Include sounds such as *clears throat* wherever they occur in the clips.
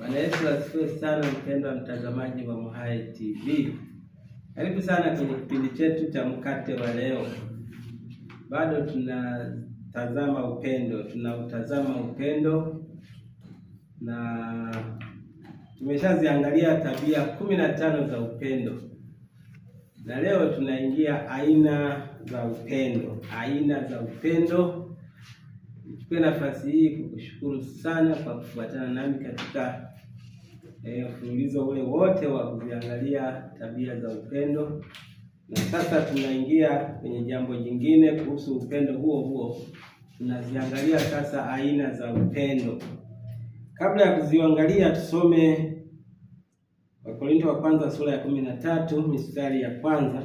Bwana Yesu asifiwe sana, mpendwa mtazamaji wa MHAE TV, karibu sana kwenye kipindi chetu cha mkate wa leo. Bado tunatazama upendo, tunautazama upendo na tumeshaziangalia tabia kumi na tano za upendo, na leo tunaingia aina za upendo, aina za upendo. Nichukue nafasi hii kukushukuru sana kwa kufuatana nami katika e, mfululizo ule wote wa kuziangalia tabia za upendo, na sasa tunaingia kwenye jambo jingine kuhusu upendo huo huo. Tunaziangalia sasa aina za upendo. Kabla ya kuziangalia, tusome wakorinto wa kwanza sura ya kumi na tatu mistari ya kwanza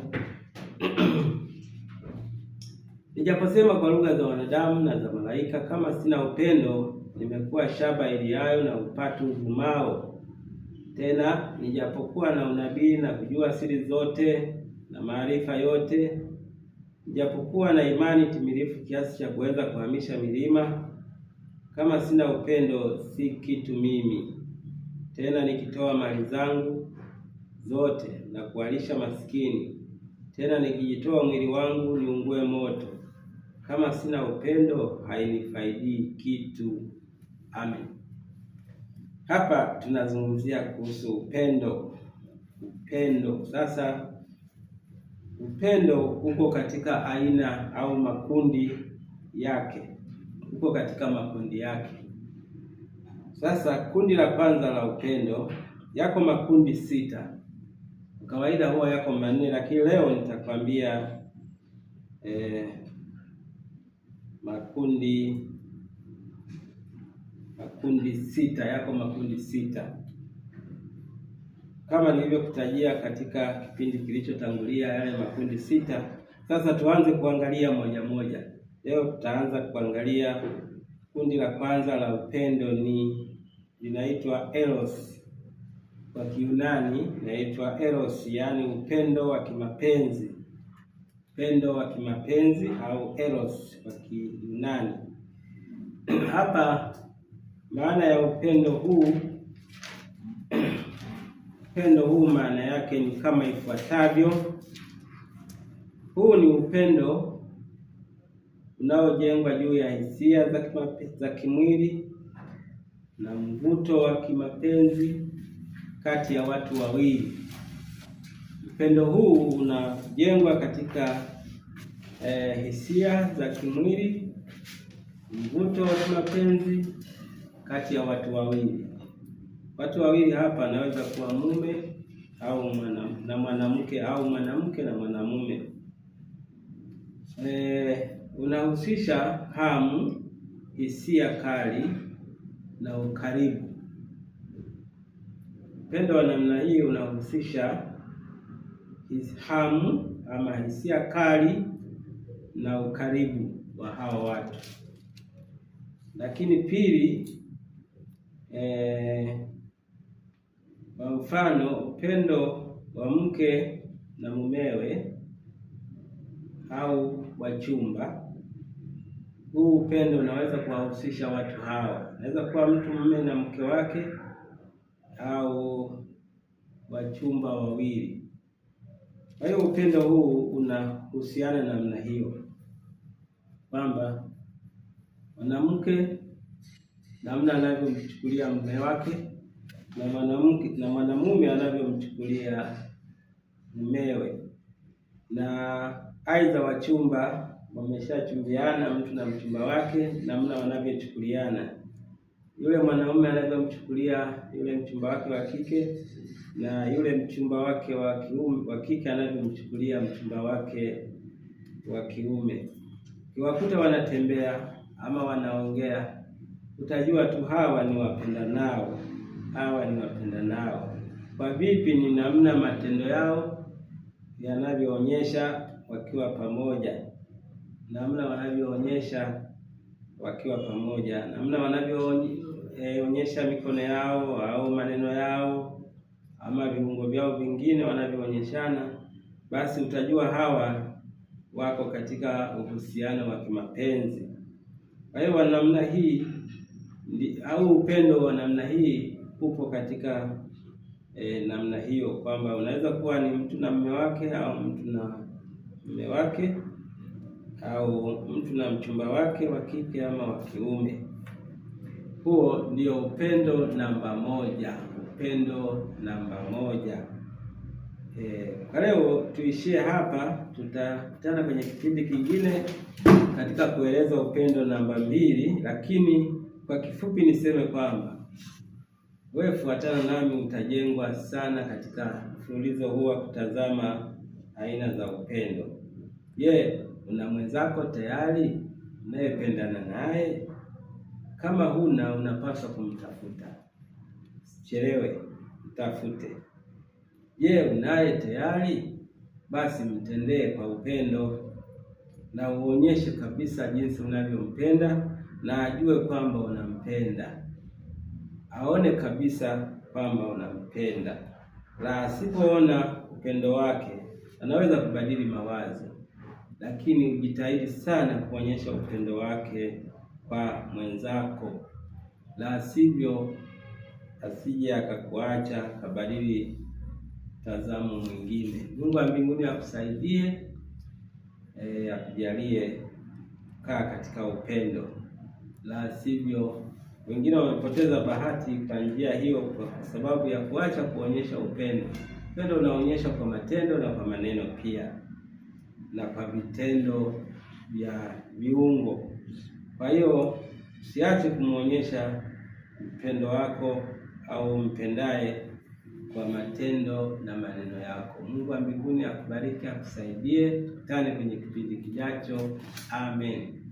*clears throat* Nijaposema kwa lugha za wanadamu na za malaika, kama sina upendo, nimekuwa shaba iliayo na upatu uvumao. Tena nijapokuwa na unabii na kujua siri zote na maarifa yote, nijapokuwa na imani timilifu kiasi cha kuweza kuhamisha milima, kama sina upendo, si kitu mimi. Tena nikitoa mali zangu zote na kualisha masikini, tena nikijitoa mwili wangu niungue moto, kama sina upendo hainifaidii kitu. Amen. Hapa tunazungumzia kuhusu upendo. Upendo sasa, upendo uko katika aina au makundi yake, uko katika makundi yake. Sasa kundi la kwanza la upendo, yako makundi sita. Kwa kawaida huwa yako manne, lakini leo nitakwambia eh, makundi makundi sita, yako makundi sita kama nilivyokutajia katika kipindi kilichotangulia yale makundi sita. Sasa tuanze kuangalia moja moja. Leo tutaanza kuangalia kundi la kwanza la upendo, ni linaitwa eros, kwa Kiunani inaitwa eros, yaani upendo wa kimapenzi, upendo wa kimapenzi au eros kwa Kiunani. *clears throat* Hapa maana ya upendo huu upendo huu maana yake ni kama ifuatavyo: huu ni upendo unaojengwa juu ya hisia za, za kimwili na mvuto wa kimapenzi kati ya watu wawili. Upendo huu unajengwa katika eh, hisia za kimwili, mvuto wa kimapenzi kati ya watu wawili. Watu wawili hapa anaweza kuwa mume au mwana, na mwanamke au mwanamke na mwanamume. E, unahusisha hamu, hisia kali na ukaribu. Upendo wa namna hii unahusisha hamu ama hisia kali na ukaribu wa hawa watu. Lakini pili eh, mfano upendo wa mke na mumewe au wachumba. Huu upendo unaweza kuwahusisha watu hawa, anaweza kuwa mtu mume na mke wake au wachumba wawili. Kwa hiyo upendo huu unahusiana namna hiyo kwamba mwanamke namna anavyomchukulia mume wake na mwanamke na mwanamume anavyomchukulia mmewe. Na aidha wachumba wameshachumbiana mtu na mchumba wake, namna wanavyochukuliana, yule mwanaume anavyomchukulia yule mchumba wake wa kike na yule mchumba wake wa kiume wa kike anavyomchukulia mchumba wake wa kiume. Kiwakuta wanatembea ama wanaongea utajua tu hawa ni wapendanao, hawa ni wapenda nao Kwa vipi? Ni namna matendo yao yanavyoonyesha wakiwa pamoja, namna wanavyoonyesha wakiwa pamoja, namna wanavyoonyesha e, mikono yao au maneno yao ama viungo vyao vingine wanavyoonyeshana, basi utajua hawa wako katika uhusiano wa kimapenzi. Kwa hiyo namna hii au upendo wa namna hii upo katika e, namna hiyo kwamba unaweza kuwa ni mtu na mume wake au mtu na mume wake au mtu na mchumba wake wa kike ama wa kiume. Huo ndio upendo namba moja, upendo namba moja. E, kwa leo tuishie hapa, tutakutana kwenye kipindi kingine katika kueleza upendo namba mbili, lakini kwa kifupi niseme kwamba wewe fuatana nami, utajengwa sana katika mfululizo huu wa kutazama aina za upendo. Je, una mwenzako tayari unayependana naye? Kama huna, unapaswa kumtafuta. chelewe mtafute. Je, unaye tayari? Basi mtendee kwa upendo na uonyeshe kabisa jinsi unavyompenda na ajue kwamba unampenda, aone kabisa kwamba unampenda. La asipoona upendo wake anaweza kubadili mawazo, lakini ujitahidi sana kuonyesha upendo wake kwa mwenzako, la sivyo asije akakuacha kabadili mtazamo mwingine. Mungu wa mbinguni akusaidie, e, akujalie kaa katika upendo la sivyo wengine wamepoteza bahati kwa njia hiyo, kwa sababu ya kuacha kuonyesha upendo. Upendo unaonyesha kwa matendo na kwa maneno pia na kwa vitendo vya viungo. Kwa hiyo usiache kumwonyesha mpendo wako au mpendaye kwa matendo na maneno yako. Mungu wa mbinguni akubariki, akusaidie. Tukutane kwenye kipindi kijacho. Amen.